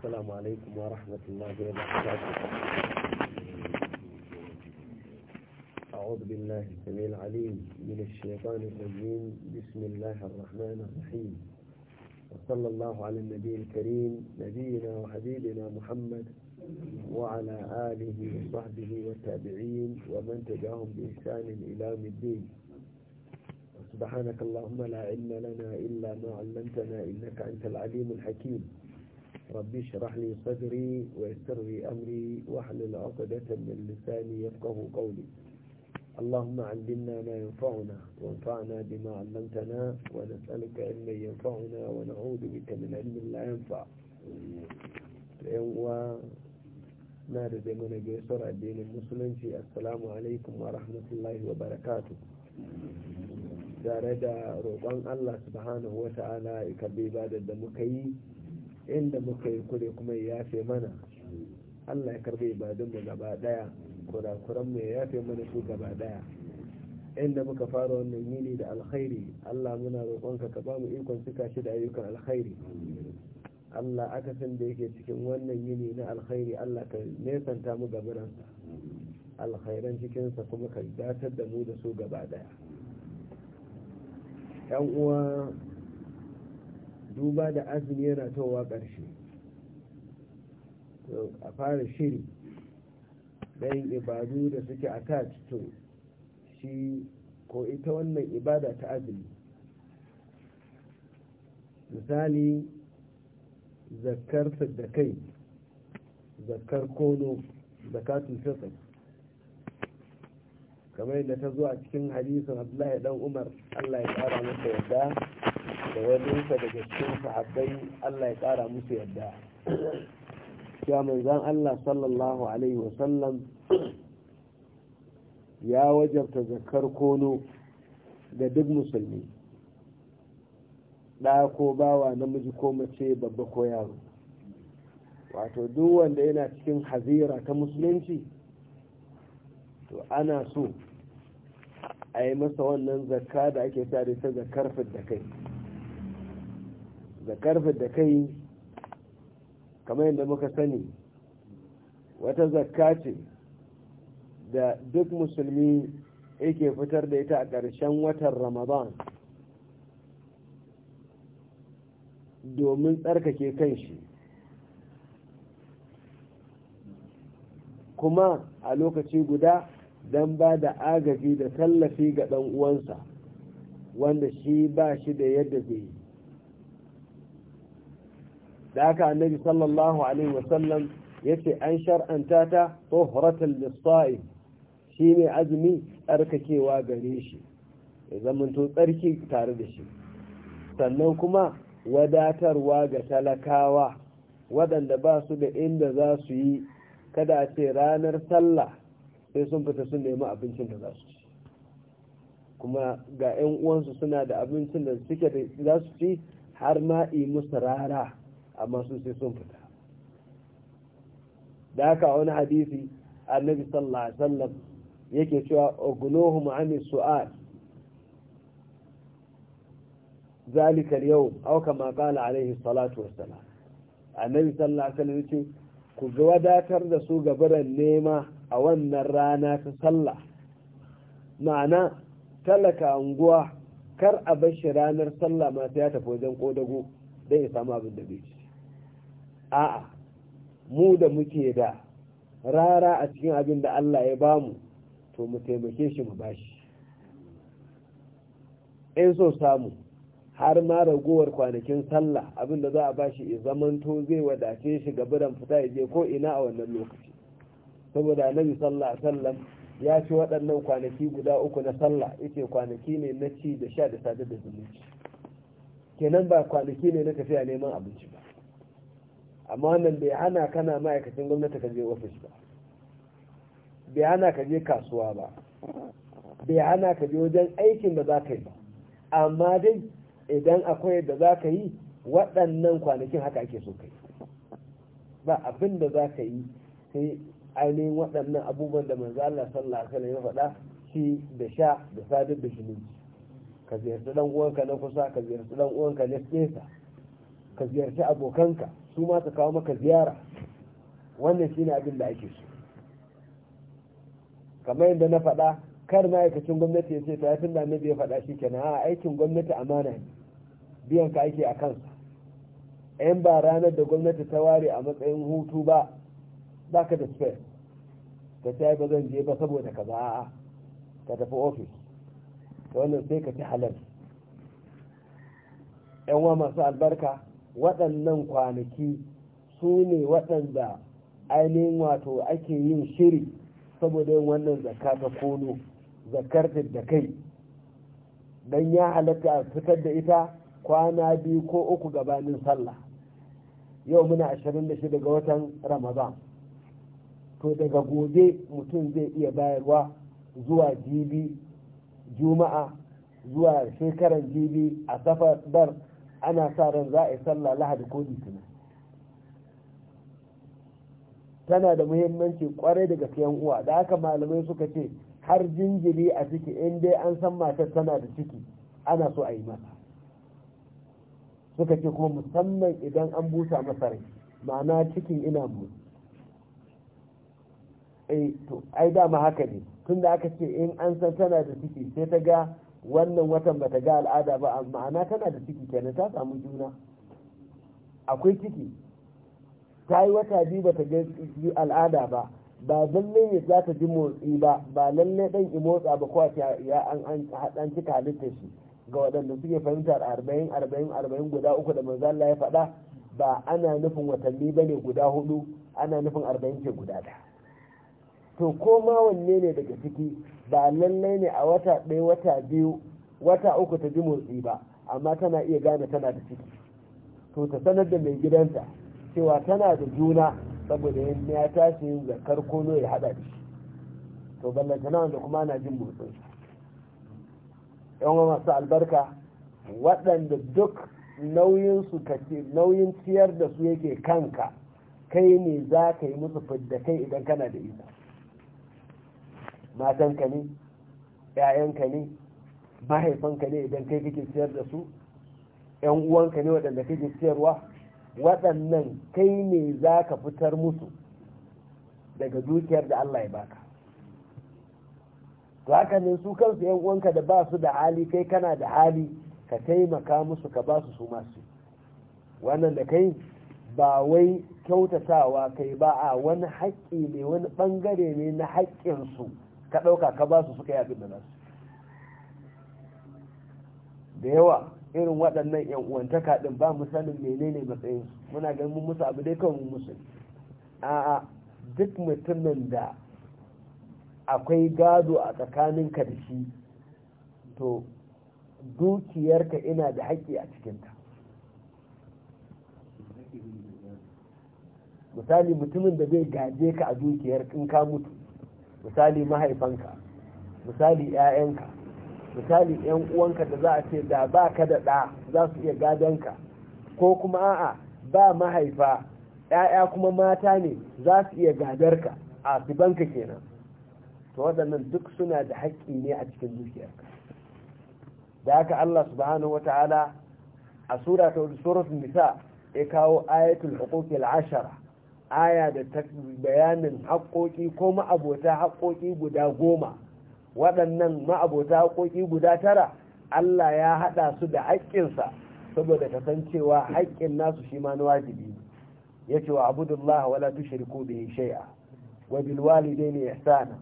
السلام عليكم ورحمة الله وبركاته أعوذ بالله السميع العليم من الشيطان الرجيم بسم الله الرحمن الرحيم وصلى الله على النبي الكريم نبينا وحبيبنا محمد وعلى آله وصحبه والتابعين ومن تبعهم بإحسان إلى يوم الدين سبحانك اللهم لا علم لنا إلا ما علمتنا إنك أنت العليم الحكيم ربي اشرح لي صدري ويسر لي أمري واحلل عقدة من لساني يفقه قولي اللهم علمنا ما ينفعنا وانفعنا بما علمتنا ونسألك علما ينفعنا ونعوذ بك من علم لا ينفع و نارد من جيسر الدين المسلم في السلام عليكم ورحمة الله وبركاته زارد روضان الله سبحانه وتعالى يكبي بعد الدمكي inda muka yi kure kuma ya yafe mana Allah ya karbe ibadunmu gaba daya kurakuranmu ya yafe mana su gaba daya inda muka fara wannan yini da alkhairi Allah muna roƙonka ka ba mu ikon cika shi da ayyukan alkhairi Allah aka san da yake cikin wannan yini na alkhairi Allah ka nesanta mu gabaran alkhairan cikinsa kuma ka datar da mu da su gaba daya yan uwa duba da azumi yana towa ƙarshe to a fara shiri ɗayin ibadu da suke attached to shi ko ita wannan ibada ta azumi misali zakar da kai zakar kono zakatun fitr kamar yadda ta zo a cikin hadisin abdullahi dan umar allah ya kara masa yadda da waninsa daga cikin sahabbai Allah ya ƙara musu yadda cewa manzan Allah sallallahu alaihi wasallam ya wajabta zakar kono ga duk musulmi ɗa ko bawa namiji ko mace babba ko yaro wato duk wanda yana cikin hazira ta musulunci to ana so a yi masa wannan zakka da ake tare ta zakar da kai da karfin da kai kamar yadda muka sani wata zakka da duk musulmi yake fitar da ita a ƙarshen watan ramadan domin tsarkake kan shi kuma a lokaci guda don ba da agaji da tallafi ga ɗan uwansa wanda shi ba shi da yadda zai yi da haka annabi sallallahu alaihi wasallam ya ce an shar'anta ta tsohratul lissa'i shi ne azumi tsarkakewa gare shi ya zamanto tsarki tare da shi sannan kuma wadatarwa ga talakawa waɗanda ba su da inda za su yi kada a ce ranar sallah sai sun fita sun nemi abincin da za su ci kuma ga 'yan uwansu suna da abincin da suke za su ci har ma'i musu rara amma sun sai sun fita da haka wani hadisi annabi sallallahu alaihi wasallam yake cewa ognohum an su'al zalika al-yawm aw kama qala alaihi salatu wassalam annabi sallallahu alaihi wasallam yace ku wadatar da su gabaran nema a wannan rana ta sallah ma'ana talaka anguwa kar a bashi ranar sallah ma sai ya tafi wajen kodago don ya samu abin da bai ci a'a mu da muke da rara a cikin abin da Allah ya bamu to mu taimake shi mu bashi in so samu har ma ragowar kwanakin sallah abin da za a bashi ya zamanto zai wadace shi ga gaburan fita ya je ko ina a wannan lokaci saboda annabi sallallahu alaihi wasallam ya ci waɗannan kwanaki guda uku na sallah yace kwanaki ne na ci da sha da sadar da zumunci kenan ba kwanaki ne na tafiya neman abinci ba amma wannan bai hana kana ma'aikacin gwamnati ka je ofis ba bai hana ka je kasuwa ba bai hana ka je wajen aikin da za ka yi ba amma dai idan akwai da za ka yi waɗannan kwanakin haka ake so kai ba abin da za ka yi sai ainihin waɗannan abubuwan da manzo Allah sallallahu alaihi wasallam ya faɗa shi da sha da sadar da zumunci ka ziyarci dan uwanka na kusa ka ziyarci dan uwanka na nesa ka ziyarci abokanka su ma su kawo maka ziyara wannan shi ne abin da ake su kamar yadda na faɗa kar ma'aikacin gwamnati ya ce ta yafin da annabi ya faɗa shi ke na aikin gwamnati amana ne biyan ka ake a kansa yan ba ranar da gwamnati ta ware a matsayin hutu ba ba ka da spare ta ce ba zan je ba saboda ka ba ka tafi ofis ta wannan sai ka ci halal yan wa masu albarka waɗannan kwanaki su ne waɗanda ainihin wato ake yin shiri saboda yin wannan zakka ta kono zakkar da kai don ya halatta a fitar da ita kwana biyu ko uku gabanin sallah yau muna 26 ga watan ramadan to daga gobe mutum zai iya bayarwa zuwa jibi juma'a zuwa shekaran jibi a safar ana sa ran za a yi sallah lahadi ko litinin tana da muhimmanci kwarai da gaskiyan uwa da haka malamai suka ce har jinjiri a ciki in dai an san matar tana da ciki ana so a yi mata suka ce kuma musamman idan an busa masa rai ma'ana cikin ina mu ai eh, to ai dama haka ne tunda aka ce in an san tana da ciki sai ta ga wannan watan bata ga al'ada ba ma'ana tana da ciki kenan ta samu juna akwai ciki ta yi wata biyu bata ga al'ada ba ba lallai ne za ta ji motsi ba ba lallai dan i motsa ba kowa ya an cika halittar shi ga waɗanda suke fahimtar arba'in arba'in arba'in guda uku da manzo Allah ya faɗa ba ana nufin watanni bane guda hudu ana nufin arba'in ke guda daya to koma ma wanne ne daga ciki ba lallai ne a wata ɗaya wata biyu wata uku ta ji motsi ba amma tana iya gane tana da ciki to ta sanar da mai gidanta cewa tana da juna saboda yin ya tashi yin zakar kono ya haɗa da shi to ballantana wanda kuma na jin motsin yan masu albarka waɗanda duk nauyinsu kake nauyin ciyar da su yake kanka kai ne za ka yi musu fidda kai idan kana da ita matanka ne ‘ya'yanka ne mahaifanka ne idan kai kake siyar da su ‘yan uwanka ne waɗanda kake ciyarwa waɗannan kai ne za ka fitar musu daga dukiyar da Allah ya baka to haka ne su kansu ‘yan uwanka da ba su da hali kai kana da hali ka taimaka musu ka ba su su masu wannan da kai ba wai kyautatawa kai ba a wani haƙƙi ne wani ɓangare ne na haƙƙinsu su ka ɗauka ka ba su suka yi abin da za su da yawa irin waɗannan yan uwantaka ɗin ba mu sanin menene matsayin su muna ganin mun musu abu dai kawai mun musu a'a duk mutumin da akwai gado a tsakanin ka da shi to dukiyarka ina da haƙƙi a cikinta misali mutumin da zai gaje ka a dukiyar in ka mutu misali mahaifanka misali 'ya'yanka misali 'yan uwanka da za a ce da ba ka da ɗa za su iya gadonka ko kuma a'a ba mahaifa 'ya'ya kuma mata ne za su iya gadarka a banka kenan to waɗannan duk suna da haƙƙi ne a cikin dukiyarka da haka Allah subhanahu wata'ala a sura ta suratul nisa ya kawo ayatul huquqil ashara aya da ta bayanin haƙoƙi ko ma'abota haƙoƙi guda goma waɗannan ma'abota haƙoƙi guda tara Allah ya haɗa su da haƙƙinsa saboda ta san cewa haƙƙin nasu shi ma na wajibi ya ce wa abudullah wala tushriku bihi shay'a wa bil walidayni ihsana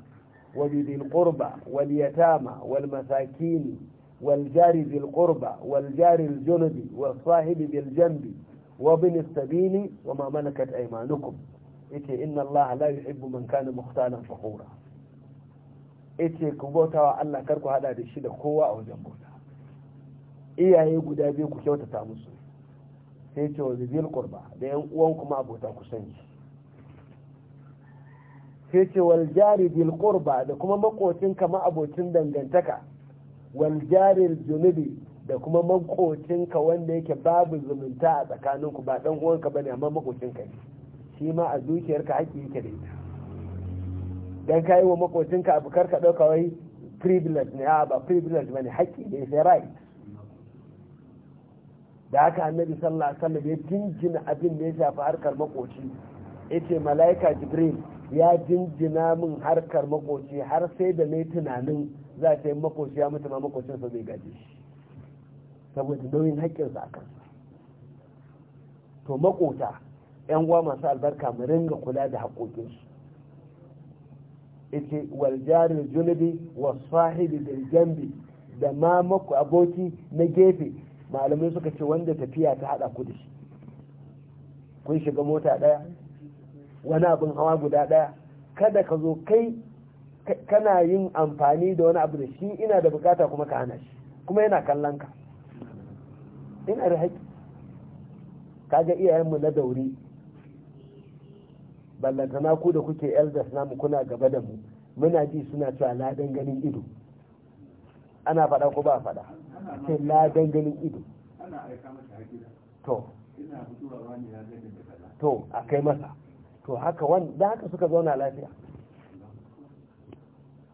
wa bi dhil qurba wal yatama wal masakin wal jari dhil qurba wal jari al junubi was sahibi bil janbi wa bin sabili wa ma malakat aymanukum yace inna Allah la yuhibbu man kana mukhtalan fakhura yace ku bautawa Allah kar ku hada da shi da kowa a wajen bauta iyaye guda biyu ku kyautata musu sai ce wa zibil qurba da yan uwan ma abota ku sani sai ce wal jari bil qurba da kuma makocin ma abocin dangantaka wal jari junubi da kuma makocinka wanda yake babu zumunta a tsakaninku ba dan uwanka bane amma makocinka ne shi ma a zuciyarka haƙƙi yake da ita dan kai wa makocinka abu karka dauka wai privilege ne ba privilege bane haƙƙi ne sai right da haka annabi sallallahu alaihi wasallam ya jinjina abin da ya shafi harkar makoci yace malaika jibril ya jinjina min harkar makoci har sai da ne tunanin za ta yi makoci ya mutu ma makocinsa zai gaje shi saboda nauyin haƙƙinsa a kansa to makota yan uwa masu albarka mu ringa kula da haƙoƙinsu ita waljarin junubi wa sahibi da jambi da ma maku aboki na gefe malamai suka ce wanda tafiya ta haɗa ku da shi kun shiga mota ɗaya wani abin hawa guda ɗaya kada ka zo kai kana yin amfani da wani abu da shi ina da bukata kuma ka hana shi kuma yana kallon ka yana da kaga iyayenmu na dauri ballantana ku da kuke elders namu kuna gaba da mu muna ji suna cewa ladan ganin ido ana faɗa ko ba faɗa ce ladan ganin ido to to a kai masa to haka da haka suka zauna lafiya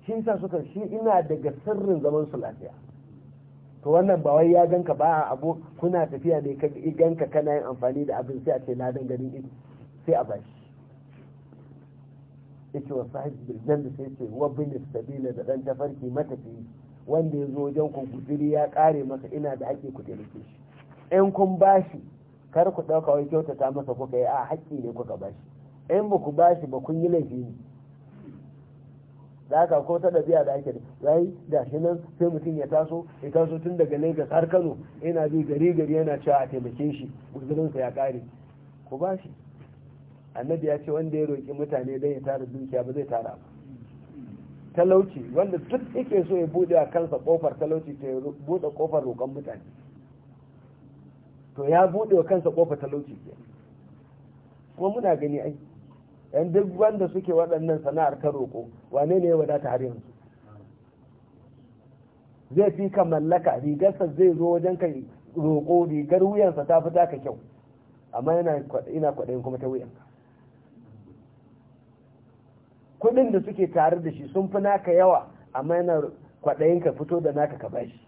shi sa suka shi ina daga sirrin zaman su lafiya to wannan ba wai ya ganka ba a abu kuna tafiya ne ka ganka kana yin amfani da abin sai a ce na dan garin ido sai a bashi yace wa sahib bil janna sai ce wa bin sabila da dan tafarki matafi wanda ya zo wajen ku guduri ya kare masa ina da ake ku taimake shi in kun bashi kar ku dauka wai kyautata masa kuka yi a haƙƙi ne kuka bashi in ba ku bashi ba kun yi laifi da haka ko ta ɗabi'a da ake rai da shi nan sai mutum ya taso ya taso tun daga lagos har kano yana bi gari gari yana cewa a taimake shi guzurinsa ya ƙare ku ba shi annabi ya ce wanda ya roƙi mutane don ya tara dukiya ba zai tara ba talauci wanda duk yake so ya buɗe a kansa ƙofar talauci ta ya buɗe ƙofar roƙon mutane to ya buɗe wa kansa ƙofar talauci ke kuma muna gani ai yan duk wanda suke waɗannan sana'ar ta roƙo wane ne ya wadata har yanzu zai fi ka mallaka rigarsa zai zo wajen ka roƙo rigar wuyansa ta fi taka kyau amma yana kwaɗayin kuma ta wuyanka kuɗin da suke tare da shi sun fi naka yawa amma yana kwaɗayin ka fito da naka ka bashi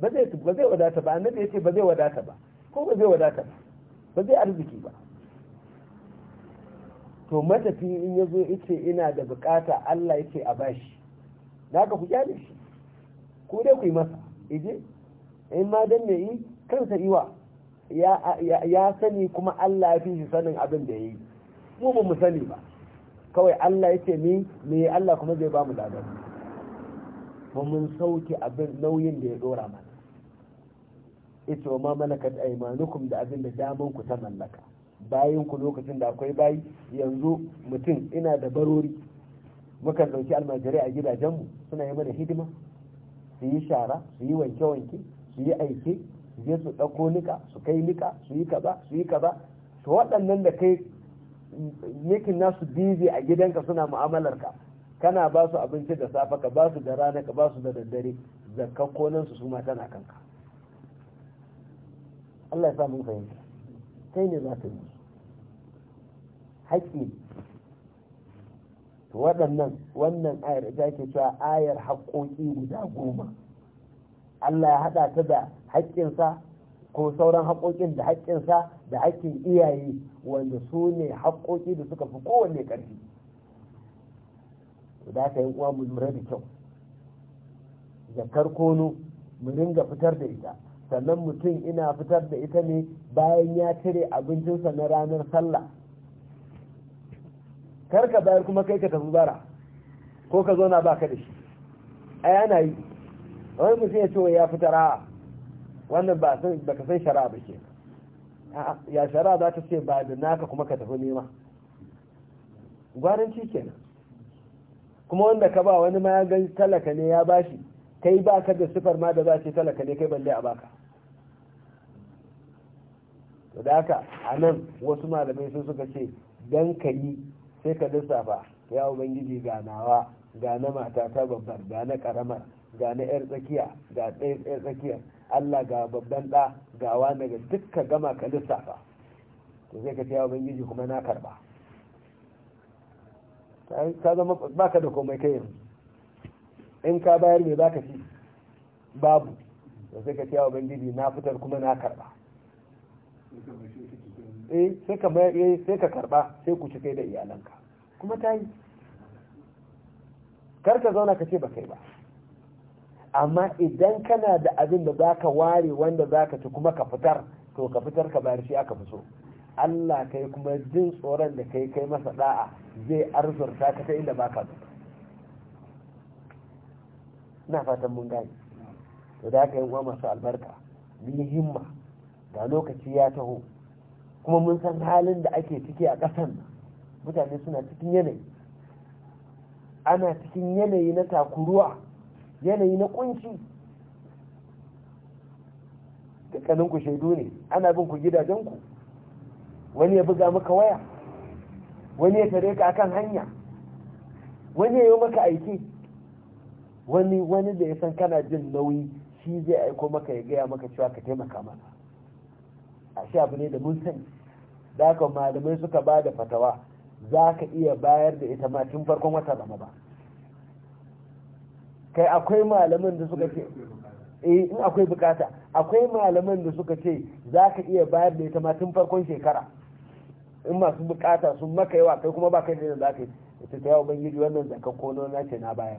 ba zai wadata ba annabi ya ce ba zai wadata ba ko ba zai wadata ba ba zai arziki ba to matafi in ya zo ice ina da bukata Allah yake a bashi da ka ku kyale shi ku dai ku yi masa ije in ma dan me yi kansa iwa ya sani kuma Allah ya fi shi sanin abin da yayi mu ba mu sani ba kawai Allah yake ni me Allah kuma zai ba mu ladan ba mun sauke abin nauyin da ya dora mana ita wa ma malakat aymanukum da abin da daman ku ta mallaka bayan ku lokacin da akwai bayi yanzu mutum ina da barori mukan ɗauki almajirai a gidajenmu suna yi mana hidima su yi shara su yi wanke-wanke su yi aike su je su ɗauko nika su kai nika su yi kaza su yi kaza to waɗannan da kai yakin nasu bizi a gidanka suna mu'amalar ka kana ba su abinci da safe ka ba su da rana ka ba su da daddare zakkan konan su su ma tana kanka Allah ya sa mun fahimta kai ne za ka yi haƙƙi waɗannan wannan ayar ita ke cewa ayar haƙƙoƙi guda goma Allah ya haɗa ta da haƙƙinsa ko sauran haƙoƙin da haƙƙinsa da haƙƙin iyaye wanda su ne haƙoƙi da suka fi kowanne ƙarfi da aka yi uwa mu lura da kyau zakar kono mu ringa fitar da ita sannan mutum ina fitar da ita ne bayan ya cire abincinsa na ranar sallah karka bayar kuma kai ka tafi bara ko ka zauna ba ka da shi a yana yi wani mutum ya ce ya fitar a wannan ba ka san shara ba ke ya shara'a za ta ce ba da naka kuma ka tafi nema gwaranci kenan kuma wanda ka ba wani ma ya gan talaka ne ya bashi kai ba ka da sifar ma da za ce talaka ne kai balle a baka to da haka a nan wasu malamai sun suka ce dan ka yi sai ka lissafa ya ubangiji ga nawa ga na mata ta babbar ga na karamar ga na yar tsakiya ga ɗaya yar tsakiya Allah ga babban ɗa ga wani ga dukka gama ka lissafa to sai ka ce ya ubangiji kuma na karba ka zama baka da komai kai yanzu in ka bayar me baka ci babu da sai ka ce ya ubangiji na fitar kuma na karba eh sai ka eh, sai ka karba sai ku ci kai da iyalanka kuma ta yi kar ka zauna ka ce ba kai ba amma idan kana da abin da zaka ware wanda zaka ci kuma ka fitar to ka fitar ka bayar shi aka fi so Allah kai kuma jin tsoron da kai kai masa da'a zai arzurta ka ta inda baka zo na fatan mun gani to da ka yi uwa masu albarka ni himma da lokaci ya taho kuma mun san halin da ake ciki a ƙasan mutane suna cikin yanayi ana cikin yanayi na takuruwa yanayi na kunci dukkaninku shaidu ne ana bin ku gidajenku wani ya buga maka waya wani ya tare ka akan hanya wani ya yi maka aiki wani wani da ya san kana jin nauyi shi zai aiko maka ya gaya maka cewa ka taimaka mana a shi abu ne da mun sani da haka malamai suka ba da fatawa za ka iya bayar da ita ma tun farkon wata zama ba kai akwai malamin da suka ce eh in akwai bukata akwai malamin da suka ce za ka iya bayar da ita ma tun farkon shekara in masu bukata sun maka yawa kai kuma ba kai da za ka yi ita ta yawa ubangiji wannan zakar kono na ce na bayar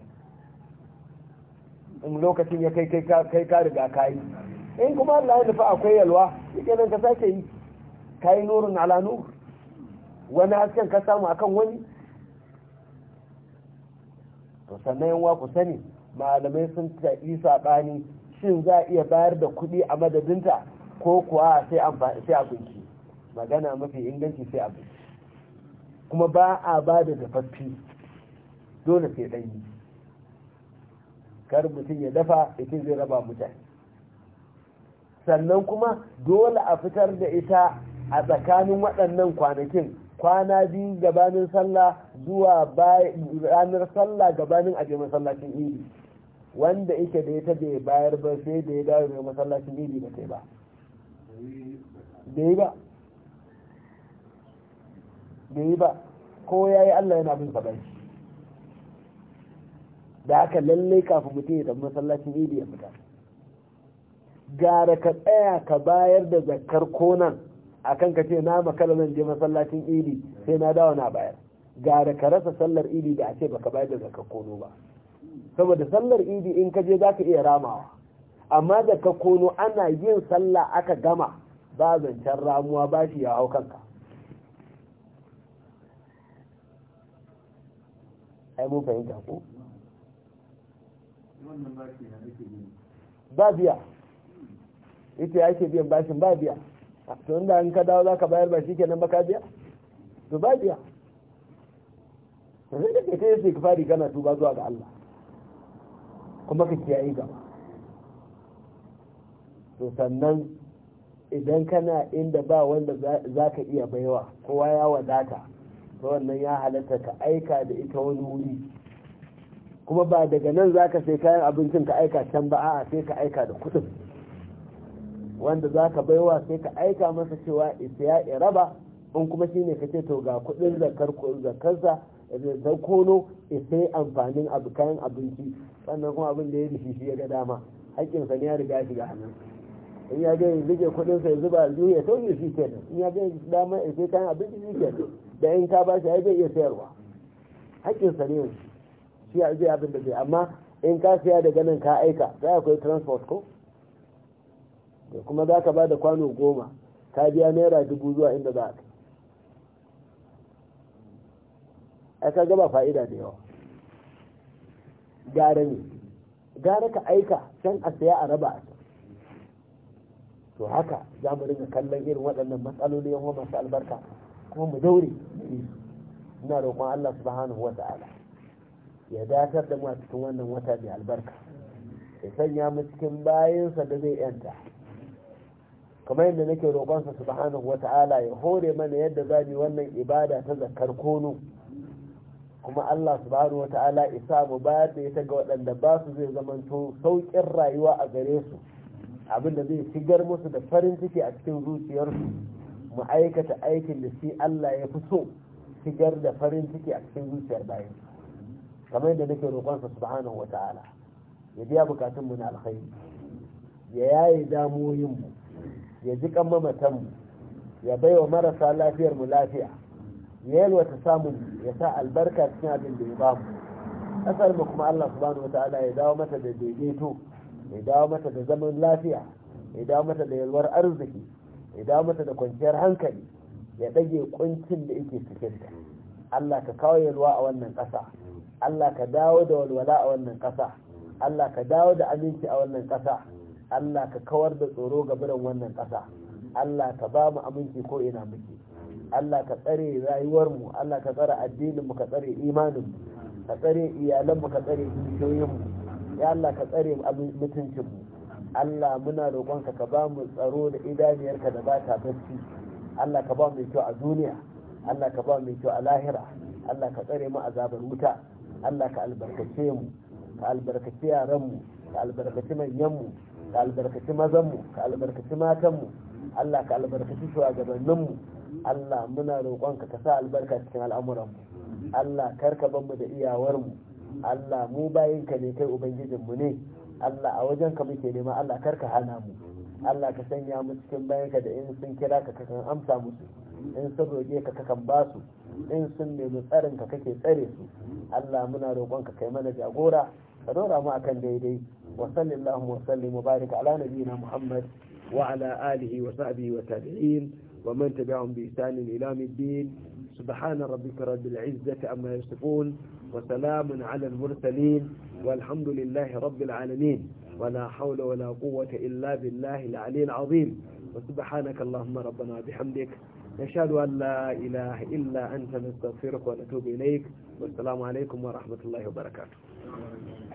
in lokacin ya kai kai ka riga ka yi in kuma Allah ya nufa akwai yalwa shi nan ka sake yi ka yi nurin ala nur wani hasken ka samu akan wani to sannan yanwa ku sani malamai sun taɓi saɓani shin za a iya bayar da kuɗi a madadinta ko kuwa sai a kunki magana mafi inganci sai a kunki kuma ba a ba da dafaffi dole sai ɗanyi kar mutum ya dafa ya zai raba mutane sannan kuma dole a fitar da ita a tsakanin waɗannan kwanakin kwana biyu gabanin sallah zuwa ranar sallah gabanin aje masallacin idi wanda ike da ita bai bayar ba sai da ya dawo daga masallacin idi ba sai ba bai ba bai ba ko ya yi allah yana bin sabai da haka lallai kafin mutum ya tafi masallacin idi ya fita gara ka tsaya ka bayar da zakar konan akan ka ce na makara zan je masallacin idi sai na dawo na bayar gara ka rasa sallar idi da a ce baka bayar da zakar kono ba saboda sallar idi in ka je za ka iya ramawa amma zakar kono ana yin sallah aka gama ba zancen ramuwa ba shi ya hau kanka ai mun fahimta ko ba biya ita yake biyan bashin ba biya to inda an ka dawo zaka bayar ba shikenan ba ka biya to ba biya sai da yace ka fari kana tuba zuwa ga Allah kuma ka kiyaye gaba to sannan idan kana inda ba wanda za ka iya baiwa kowa ya wadata to wannan ya halatta ka aika da ita wani wuri kuma ba daga nan za ka sai kayan abincin ka aika can ba a'a sai ka aika da kudin wanda za ka baiwa sai ka aika masa cewa isa ya raba in kuma shi ne ka ce to ga kuɗin zakar zakarsa da kono ya amfanin abu kayan abinci sannan kuma abin da ya rishi shi ya ga dama haƙƙinsa ne ya riga shi ga hannun in ya ga ya rike kuɗinsa ya zuba zuwa ya tauye shi ke in ya ga dama ya kayan abinci shi ke da in ka ba shi ai bai iya sayarwa haƙƙinsa ne shi ya zai abin da zai amma in ka siya daga nan ka aika za akwai transport ko da kuma za ka ba da kwano goma ka biya naira dubu zuwa inda za ka ai ka gaba fa'ida da yawa gara ne gara ka aika can a saya a raba a to haka za mu rinka kallon irin waɗannan matsaloli yawan masu albarka kuma mu daure ina roƙon Allah subhanahu wa ta'ala ya datar da mu a cikin wannan wata mai albarka ya sanya mu cikin bayansa da zai yanta kamar yadda nake roƙonsa subhanahu ta'ala ya hore mana yadda za mu wannan ibada ta zakar kono kuma Allah subhanahu ya isa mu bayar da ita ga waɗanda ba su zai zamanto saukin rayuwa a gare su abin zai shigar musu da farin ciki a cikin zuciyarsu mu aikata aikin da shi Allah ya fi so shigar da farin ciki a cikin zuciyar bayan kamar yadda nake roƙonsa subhanahu ta'ala ya biya bukatun mu na alkhairi ya yaye damoyinmu mu ya ji kan mamatanmu ya bai wa marasa lafiyar mu lafiya ya yalwata samun ya sa albarka cikin abin da ya ba mu kasar mu kuma Allah subhanahu wataala ya dawo mata da daidaito ya dawo mata da zaman lafiya ya dawo mata da yalwar arziki ya dawo mata da kwanciyar hankali ya dage kuncin da yake cikin ta Allah ka kawo yalwa a wannan ƙasa Allah ka dawo da walwala a wannan ƙasa Allah ka dawo da aminci a wannan ƙasa Allah ka kawar da tsoro ga biran wannan ƙasa Allah ka ba mu aminci ko ina muke Allah ka tsare rayuwarmu Allah ka tsare addininmu ka tsare imaninmu ka tsare iyalanmu ka tsare dukiyoyinmu ya Allah ka tsare mutuncinmu Allah muna roƙonka ka ba mu tsaro da idaniyarka da ba ta barci Allah ka ba mu kyau a duniya Allah ka ba mu kyau a lahira Allah ka tsare mu azabar wuta Allah ka albarkace mu ka albarkace yaranmu ka albarkaci manyanmu ka albarkaci mazanmu ka albarkaci matanmu Allah ka albarkaci shugabanninmu Allah muna roƙonka ka sa albarka cikin al'amuranmu Allah karka mu da iyawarmu Allah mu bayinka ne kai ubangijinmu ne Allah a wajen ka muke nema Allah kar ka hana mu Allah ka sanya mu cikin bayanka da in sun kira ka kakan amsa musu in sun roƙe ka kakan ba su in sun nemi tsarin ka kake tsare su Allah muna roƙonka kai mana jagora ka dora mu akan daidai وصل اللهم وسلم وبارك على نبينا محمد وعلى آله وصحبه وتابعين ومن تبعهم بإحسان إلى الدين سبحان ربك رب العزة أما يصفون وسلام على المرسلين والحمد لله رب العالمين ولا حول ولا قوة إلا بالله العلي العظيم وسبحانك اللهم ربنا بحمدك نشهد أن لا إله إلا أنت نستغفرك ونتوب إليك والسلام عليكم ورحمة الله وبركاته